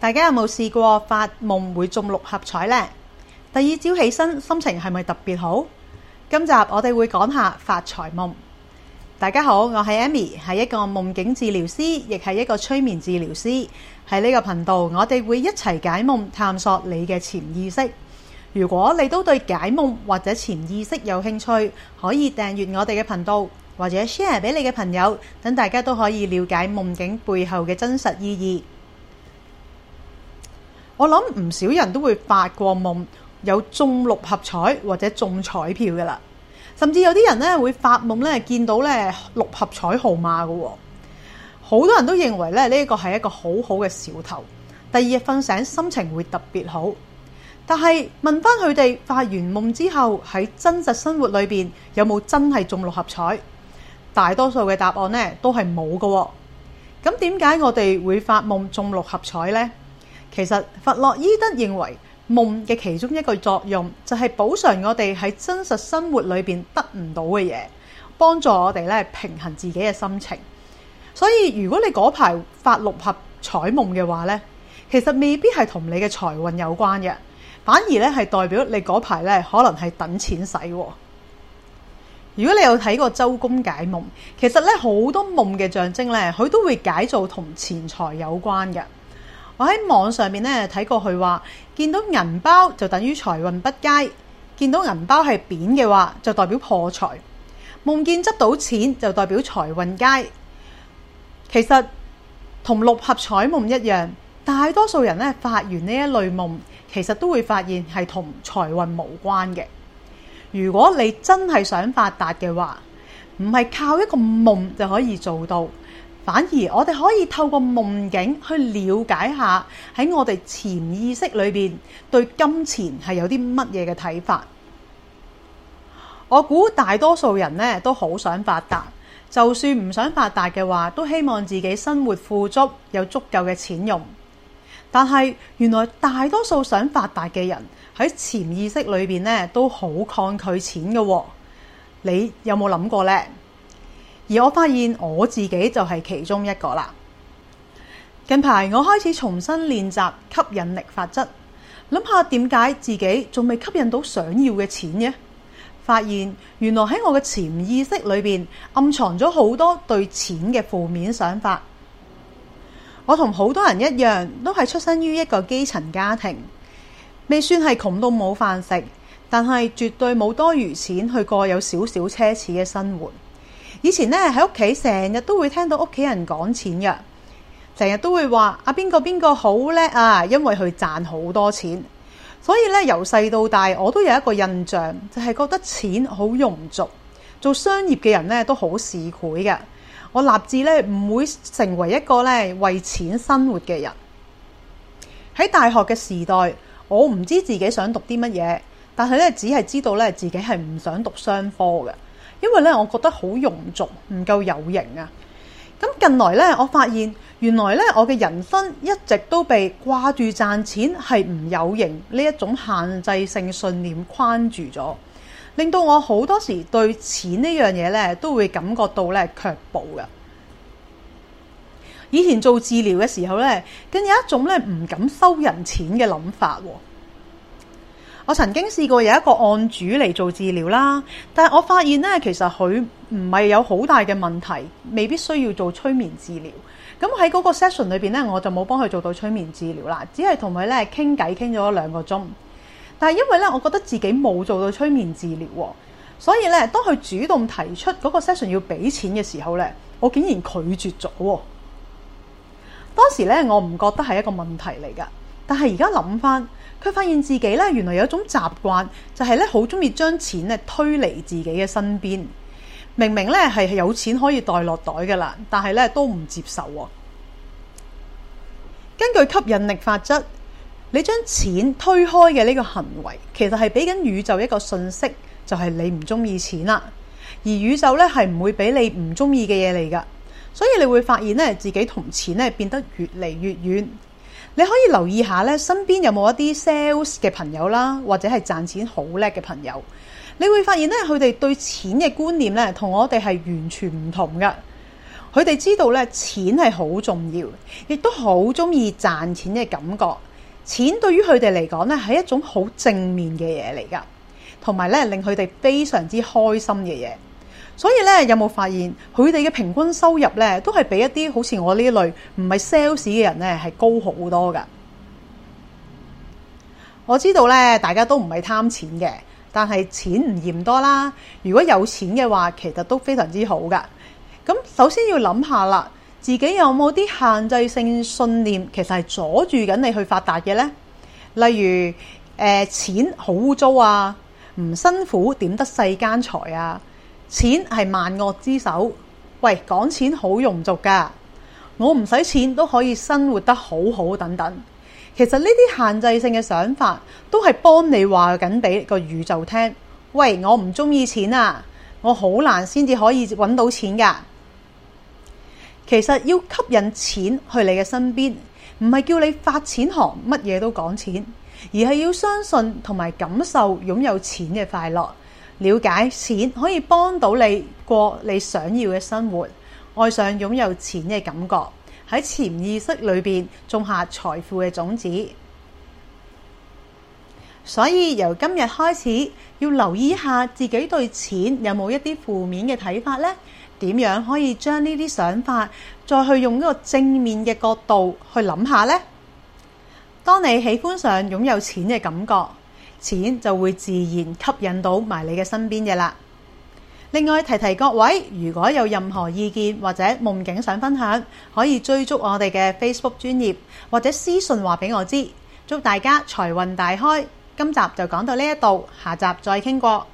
大家有冇試過發夢會中六合彩呢？第二朝起身心情係咪特別好？今集我哋會講下發財夢。大家好，我係 Amy，係一個夢境治療師，亦係一個催眠治療師。喺呢個頻道，我哋會一齊解夢，探索你嘅潛意識。如果你都對解夢或者潛意識有興趣，可以訂閱我哋嘅頻道，或者 share 俾你嘅朋友，等大家都可以了解夢境背後嘅真實意義。我諗唔少人都會發過夢，有中六合彩或者中彩票噶啦，甚至有啲人咧會發夢咧見到咧六合彩號碼噶喎，好多人都認為咧呢個係一個好好嘅兆頭。第二日瞓醒，心情會特別好。但係問翻佢哋發完夢之後喺真實生活裏邊有冇真係中六合彩？大多數嘅答案呢都係冇噶喎。咁點解我哋會發夢中六合彩呢？其實弗洛伊德認為夢嘅其中一個作用就係補償我哋喺真實生活裏邊得唔到嘅嘢，幫助我哋咧平衡自己嘅心情。所以如果你嗰排發六合彩夢嘅話呢，其實未必係同你嘅財運有關嘅，反而咧係代表你嗰排咧可能係等錢使。如果你有睇過周公解夢，其實咧好多夢嘅象徵咧，佢都會解做同錢財有關嘅。我喺網上面咧睇過佢話，見到銀包就等於財運不佳；見到銀包係扁嘅話，就代表破財；夢見執到錢就代表財運佳。其實同六合彩夢一樣，大多數人咧發完呢一類夢，其實都會發現係同財運無關嘅。如果你真係想發達嘅話，唔係靠一個夢就可以做到。反而我哋可以透過夢境去了解下喺我哋潛意識裏邊對金錢係有啲乜嘢嘅睇法。我估大多數人呢都好想發達，就算唔想發達嘅話，都希望自己生活富足，有足夠嘅錢用。但係原來大多數想發達嘅人喺潛意識裏邊呢都好抗拒錢㗎喎。你有冇諗過呢？而我發現我自己就係其中一個啦。近排我開始重新練習吸引力法則，諗下點解自己仲未吸引到想要嘅錢呢？發現原來喺我嘅潛意識裏邊暗藏咗好多對錢嘅負面想法。我同好多人一樣，都係出身於一個基層家庭，未算係窮到冇飯食，但係絕對冇多餘錢去過有少少奢侈嘅生活。以前咧喺屋企成日都會聽到屋企人講錢嘅，成日都會話阿邊個邊個好叻啊，因為佢賺好多錢。所以咧由細到大，我都有一個印象，就係覺得錢好庸俗。做商業嘅人咧都好市儈嘅。我立志咧唔會成為一個咧為錢生活嘅人。喺大學嘅時代，我唔知自己想讀啲乜嘢，但係咧只係知道咧自己係唔想讀商科嘅。因為咧，我覺得好庸俗，唔夠有型啊！咁近來咧，我發現原來咧，我嘅人生一直都被掛住賺錢係唔有型呢一種限制性信念框住咗，令到我好多時對錢呢樣嘢咧都會感覺到咧卻步嘅。以前做治療嘅時候咧，更有一種咧唔敢收人錢嘅諗法喎。我曾經試過有一個案主嚟做治療啦，但係我發現咧，其實佢唔係有好大嘅問題，未必需要做催眠治療。咁喺嗰個 session 裏邊咧，我就冇幫佢做到催眠治療啦，只係同佢咧傾偈傾咗兩個鐘。但係因為咧，我覺得自己冇做到催眠治療喎，所以咧，當佢主動提出嗰個 session 要俾錢嘅時候咧，我竟然拒絕咗喎。當時咧，我唔覺得係一個問題嚟噶。但係而家諗翻，佢發現自己咧，原來有一種習慣，就係咧好中意將錢咧推離自己嘅身邊。明明咧係有錢可以袋落袋噶啦，但係咧都唔接受。哦。根據吸引力法則，你將錢推開嘅呢個行為，其實係俾緊宇宙一個信息，就係、是、你唔中意錢啦。而宇宙咧係唔會俾你唔中意嘅嘢嚟噶，所以你會發現咧自己同錢咧變得越嚟越遠。你可以留意下咧，身邊有冇一啲 sales 嘅朋友啦，或者係賺錢好叻嘅朋友，你會發現咧，佢哋對錢嘅觀念咧，同我哋係完全唔同噶。佢哋知道咧，錢係好重要，亦都好中意賺錢嘅感覺。錢對於佢哋嚟講咧，係一種好正面嘅嘢嚟噶，同埋咧令佢哋非常之開心嘅嘢。所以咧，有冇發現佢哋嘅平均收入咧，都係比一啲好似我呢一類唔係 sales 嘅人咧，係高好多噶。我知道咧，大家都唔係貪錢嘅，但係錢唔嫌多啦。如果有錢嘅話，其實都非常之好噶。咁首先要諗下啦，自己有冇啲限制性信念，其實係阻住緊你去發達嘅呢？例如，誒、呃、錢好污糟啊，唔辛苦點得世間財啊？錢係萬惡之首，喂，講錢好庸俗噶，我唔使錢都可以生活得好好，等等。其實呢啲限制性嘅想法，都係幫你話緊俾個宇宙聽，喂，我唔中意錢啊，我好難先至可以揾到錢噶。其實要吸引錢去你嘅身邊，唔係叫你發錢寒，乜嘢都講錢，而係要相信同埋感受擁有錢嘅快樂。了解錢可以幫到你過你想要嘅生活，愛上擁有錢嘅感覺，喺潛意識裏邊種下財富嘅種子。所以由今日開始，要留意一下自己對錢有冇一啲負面嘅睇法呢？點樣可以將呢啲想法再去用一個正面嘅角度去諗下呢？當你喜歡上擁有錢嘅感覺，錢就會自然吸引到埋你嘅身邊嘅啦。另外，提提各位，如果有任何意見或者夢境想分享，可以追蹤我哋嘅 Facebook 專頁或者私信話俾我知。祝大家財運大開！今集就講到呢一度，下集再傾過。